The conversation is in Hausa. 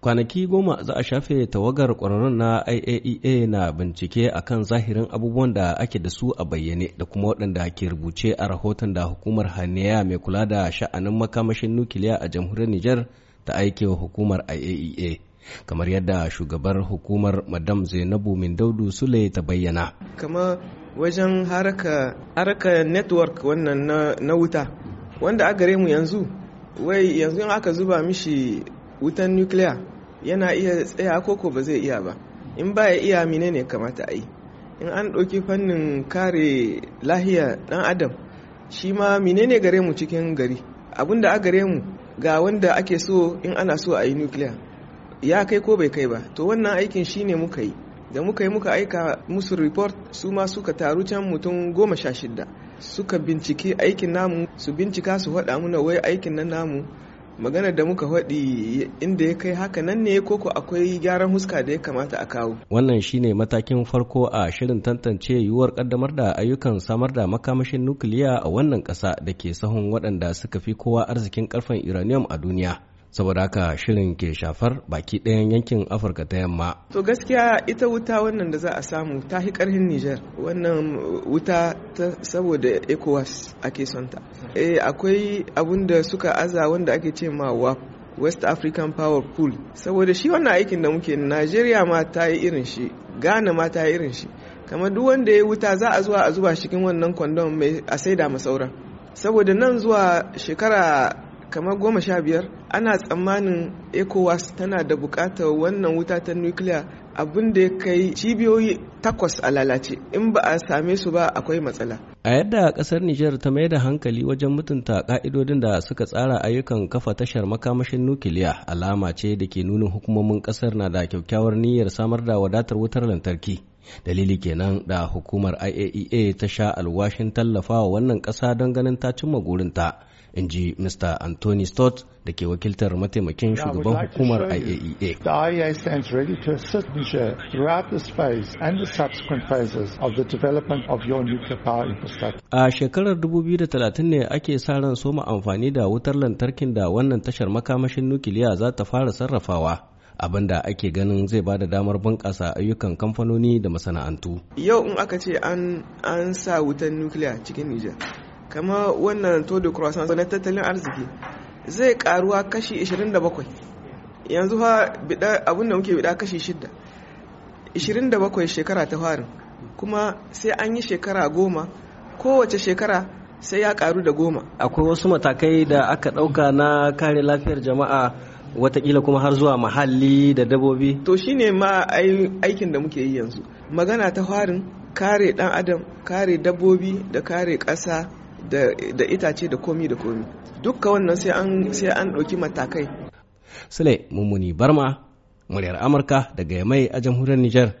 kwanaki goma za a shafe tawagar ƙwararrun na IAEA e na bincike a kan zahirin abubuwan da ake da su a bayyane da kuma waɗanda ke rubuce a rahoton da hukumar haniya mai kula da sha'anin makamashin nukiliya a jamhuriyar Nijar ta aikewa hukumar IAEA. E kamar yadda shugabar hukumar madam zainabu min daudu sule ta bayyana kama wajen haraka haraka network wannan na, wuta wanda a gare mu yanzu wai yanzu in aka zuba mishi wutan nukiliya yana iya tsaya koko ba zai iya ba in ba ya iya mine ne kamata a yi in an ɗauki fannin kare lahiya ɗan adam shi ma mine ne gare mu cikin gari abin da a gare mu ga wanda ake so in ana so a yi nukiliya ya kai ko bai kai ba to wannan aikin shi ne muka yi da muka yi muka aika musu report su ma suka taru can mutum goma sha shida suka binciki aikin namu su bincika su faɗa muna wai aikin na namu maganar da muka faɗi inda ya kai haka nan ne koko akwai gyaran huska da ya kamata a kawo wannan shine matakin farko a shirin tantance yiwuwar kaddamar da ayyukan samar da makamashin nukiliya a wannan ƙasa da ke sahun waɗanda suka fi kowa arzikin karfin uranium a duniya saboda haka shirin ke shafar baki ɗayan yankin afirka ta yamma to gaskiya ita wuta wannan da za a samu ta fi ƙarfin nijar wannan wuta ta saboda ecowas ake son ta eh akwai abun da suka aza wanda ake ce ma wap west african power pool saboda shi wannan aikin da muke najeriya ma ta yi irin shi ghana ma ta yi irin shi kamar duk wanda ya wuta za a zuwa a zuba cikin wannan kwandon mai a saida ma saboda nan zuwa shekara kamar goma sha biyar ana tsammanin ecowas tana da bukatar wannan wuta ta nukiliya abin da ya kai cibiyoyi takwas a lalace in ba a same su ba akwai matsala a yadda kasar niger ta mai da hankali wajen mutunta ka'idodin da suka tsara ayyukan kafa tashar makamashin nukiliya alama ce da ke nunin hukumomin kasar na da kyakkyawar niyyar samar da wadatar wutar lantarki dalili kenan da hukumar iaea e ta sha alwashin tallafa wa wannan ƙasa don ganin ta cimma gurinta in ji mr anthony stott da ke wakiltar mataimakin shugaban hukumar iaea e the iea e stands ready to assist niger of the development of your nuclear power infrastructure a shekarar 2030 ne ake sa ran soma amfani da wutar lantarkin da wannan tashar makamashin nukiliya za ta fara sarrafawa abin da ake ganin zai bada damar bunƙasa ayyukan kamfanoni da masana'antu yau in aka ce an sa wutan nukiliya cikin nijar kama wannan to croissant na tattalin arziki zai karuwa kashi 27 yanzu fa abin da muke bida kashi 6 27 shekara ta farin kuma sai an yi shekara goma kowace shekara sai ya karu da goma akwai wasu matakai da aka ɗauka na kare lafiyar jama'a watakila kuma har zuwa mahalli da dabobi to shine ma aikin da muke yi yanzu magana ta harin kare dan adam kare dabobi da kare ƙasa da itace da komi da komi dukka wannan sai an ɗauki matakai sule mummuni barma muryar amurka daga mai a jamhuriyar niger